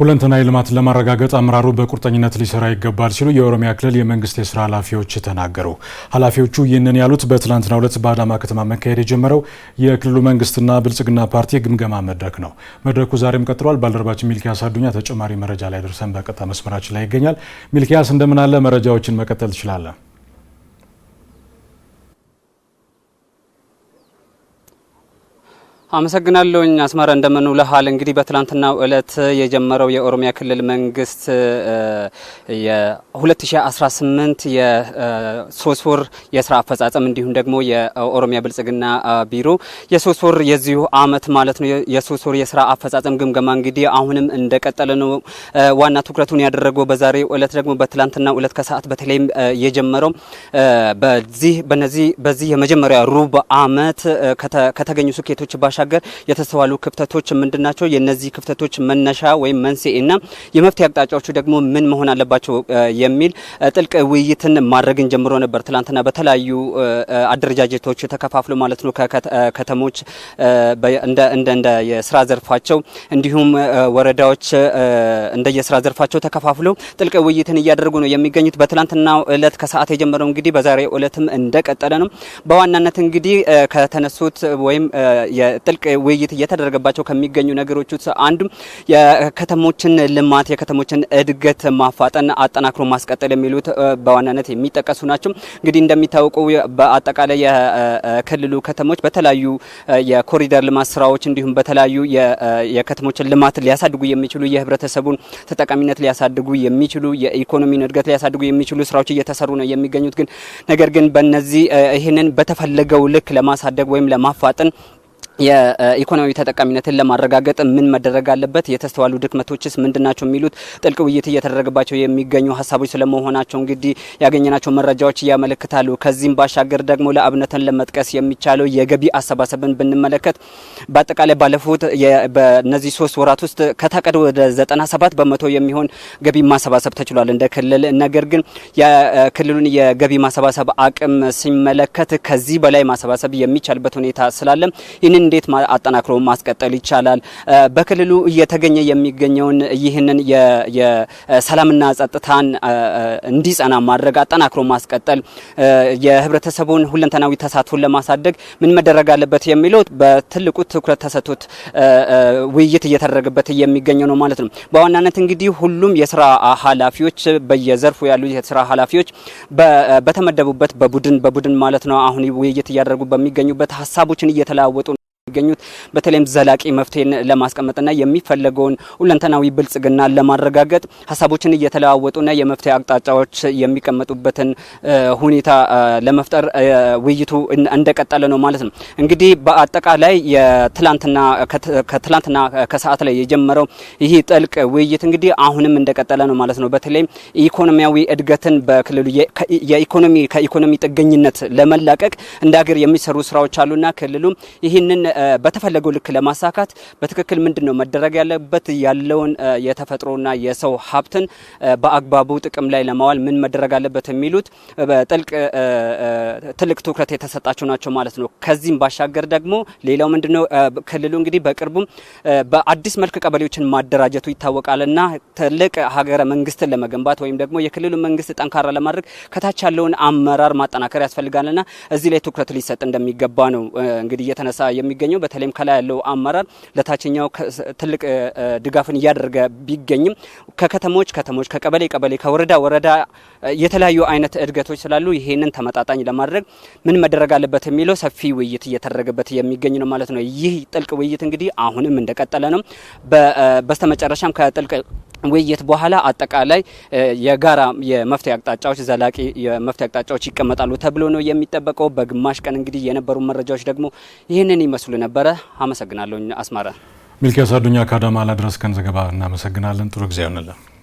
ሁለንተና ልማት ለማረጋገጥ አመራሩ በቁርጠኝነት ሊሰራ ይገባል ሲሉ የኦሮሚያ ክልል የመንግስት የስራ ኃላፊዎች ተናገሩ። ኃላፊዎቹ ይህንን ያሉት በትላንትናው ዕለት በአዳማ ከተማ መካሄድ የጀመረው የክልሉ መንግስትና ብልጽግና ፓርቲ ግምገማ መድረክ ነው። መድረኩ ዛሬም ቀጥሏል። ባልደረባችን ሚልኪያስ አዱኛ ተጨማሪ መረጃ ላይ ደርሰን በቀጥታ መስመራችን ላይ ይገኛል። ሚልኪያስ እንደምን አለ? መረጃዎችን መቀጠል ትችላለን። አመሰግናለሁኝ አስመረ እንደምን ውለሃል። እንግዲህ በትላንትናው እለት የጀመረው የኦሮሚያ ክልል መንግስት የ2018 የሶስት ወር የስራ አፈጻጸም እንዲሁም ደግሞ የኦሮሚያ ብልጽግና ቢሮ የሶስት ወር የዚሁ አመት ማለት ነው የሶስት ወር የስራ አፈጻጸም ግምገማ እንግዲህ አሁንም እንደቀጠለ ነው። ዋና ትኩረቱን ያደረገው በዛሬው እለት ደግሞ በትላንትናው እለት ከሰዓት በተለይም የጀመረው በዚህ በነዚህ በዚህ የመጀመሪያ ሩብ አመት ከተገኙ ስኬቶች ባሻ ባሻገር የተስተዋሉ ክፍተቶች ምንድን ናቸው? የእነዚህ ክፍተቶች መነሻ ወይም መንስኤ እና የመፍትሄ አቅጣጫዎቹ ደግሞ ምን መሆን አለባቸው የሚል ጥልቅ ውይይትን ማድረግን ጀምሮ ነበር። ትላንትና በተለያዩ አደረጃጀቶች ተከፋፍሎ ማለት ነው ከከተሞች እንደ እንደ የስራ ዘርፋቸው እንዲሁም ወረዳዎች እንደ የስራ ዘርፋቸው ተከፋፍሎ ጥልቅ ውይይትን እያደረጉ ነው የሚገኙት። በትላንትናው እለት ከሰዓት የጀመረው እንግዲህ በዛሬው እለትም እንደቀጠለ ነው። በዋናነት እንግዲህ ከተነሱት ወይም ጥልቅ ውይይት እየተደረገባቸው ከሚገኙ ነገሮች ውስጥ አንዱ የከተሞችን ልማት የከተሞችን እድገት ማፋጠን አጠናክሮ ማስቀጠል የሚሉት በዋናነት የሚጠቀሱ ናቸው። እንግዲህ እንደሚታወቀው በአጠቃላይ የክልሉ ከተሞች በተለያዩ የኮሪደር ልማት ስራዎች እንዲሁም በተለያዩ የከተሞችን ልማት ሊያሳድጉ የሚችሉ የህብረተሰቡን ተጠቃሚነት ሊያሳድጉ የሚችሉ የኢኮኖሚን እድገት ሊያሳድጉ የሚችሉ ስራዎች እየተሰሩ ነው የሚገኙት ግን ነገር ግን በነዚህ ይህንን በተፈለገው ልክ ለማሳደግ ወይም ለማፋጠን የኢኮኖሚ ተጠቃሚነትን ለማረጋገጥ ምን መደረግ አለበት? የተስተዋሉ ድክመቶችስ ምንድናቸው? የሚሉት ጥልቅ ውይይት እየተደረገባቸው የሚገኙ ሀሳቦች ስለመሆናቸው እንግዲህ ያገኘናቸው መረጃዎች ያመለክታሉ። ከዚህም ባሻገር ደግሞ ለአብነትን ለመጥቀስ የሚቻለው የገቢ አሰባሰብን ብንመለከት በአጠቃላይ ባለፉት በነዚህ ሶስት ወራት ውስጥ ከታቀደ ወደ ሰባት በመቶ የሚሆን ገቢ ማሰባሰብ ተችሏል እንደ ክልል። ነገር ግን የክልሉን የገቢ ማሰባሰብ አቅም ሲመለከት ከዚህ በላይ ማሰባሰብ የሚቻልበት ሁኔታ ስላለ ይህንን እንዴት አጠናክሮ ማስቀጠል ይቻላል? በክልሉ እየተገኘ የሚገኘውን ይህንን የሰላምና ጸጥታን እንዲጸና ማድረግ አጠናክሮ ማስቀጠል፣ የህብረተሰቡን ሁለንተናዊ ተሳትፎን ለማሳደግ ምን መደረግ አለበት የሚለው በትልቁ ትኩረት ተሰጥቶት ውይይት እየተደረገበት የሚገኘው ነው ማለት ነው። በዋናነት እንግዲህ ሁሉም የስራ ኃላፊዎች በየዘርፉ ያሉ የስራ ኃላፊዎች በተመደቡበት በቡድን በቡድን ማለት ነው አሁን ውይይት እያደረጉ በሚገኙበት ሀሳቦችን እየተለዋወጡ የሚገኙት በተለይም ዘላቂ መፍትሄን ለማስቀመጥና የሚፈለገውን ሁለንተናዊ ብልጽግና ለማረጋገጥ ሀሳቦችን እየተለዋወጡና የመፍትሄ አቅጣጫዎች የሚቀመጡበትን ሁኔታ ለመፍጠር ውይይቱ እንደቀጠለ ነው ማለት ነው። እንግዲህ በአጠቃላይ የትላንትና ከትላንትና ከሰዓት ላይ የጀመረው ይህ ጥልቅ ውይይት እንግዲህ አሁንም እንደቀጠለ ነው ማለት ነው። በተለይም ኢኮኖሚያዊ እድገትን በክልሉ የኢኮኖሚ ከኢኮኖሚ ጥገኝነት ለመላቀቅ እንደ ሀገር የሚሰሩ ስራዎች አሉና ክልሉ ይህንን በተፈለገው ልክ ለማሳካት በትክክል ምንድን ነው መደረግ ያለበት ያለውን የተፈጥሮና የሰው ሀብትን በአግባቡ ጥቅም ላይ ለማዋል ምን መደረግ አለበት የሚሉት በጥልቅ ትልቅ ትኩረት የተሰጣቸው ናቸው ማለት ነው። ከዚህም ባሻገር ደግሞ ሌላው ምንድነው ክልሉ እንግዲህ በቅርቡም በአዲስ መልክ ቀበሌዎችን ማደራጀቱ ይታወቃልና ትልቅ ሀገረ መንግስትን ለመገንባት ወይም ደግሞ የክልሉ መንግስት ጠንካራ ለማድረግ ከታች ያለውን አመራር ማጠናከር ያስፈልጋልና እዚህ ላይ ትኩረት ሊሰጥ እንደሚገባ ነው እንግዲህ እየተነሳ የሚገ የሚገኘው። በተለይም ከላይ ያለው አመራር ለታችኛው ትልቅ ድጋፍን እያደረገ ቢገኝም ከከተሞች ከተሞች ከቀበሌ ቀበሌ ከወረዳ ወረዳ የተለያዩ አይነት እድገቶች ስላሉ ይሄንን ተመጣጣኝ ለማድረግ ምን መደረግ አለበት የሚለው ሰፊ ውይይት እየተደረገበት የሚገኝ ነው ማለት ነው። ይህ ጥልቅ ውይይት እንግዲህ አሁንም እንደቀጠለ ነው። በስተመጨረሻም ከጥልቅ ውይይት በኋላ አጠቃላይ የጋራ የመፍትሄ አቅጣጫዎች ዘላቂ የመፍትሄ አቅጣጫዎች ይቀመጣሉ ተብሎ ነው የሚጠበቀው። በግማሽ ቀን እንግዲህ የነበሩ መረጃዎች ደግሞ ይህንን ይመስሉ ነበረ። አመሰግናለሁ አስማራ። ሚልኪያስ አዱኛ ከአዳማ ላድረስከን ዘገባ እናመሰግናለን። ጥሩ ጊዜ ይሆንልን።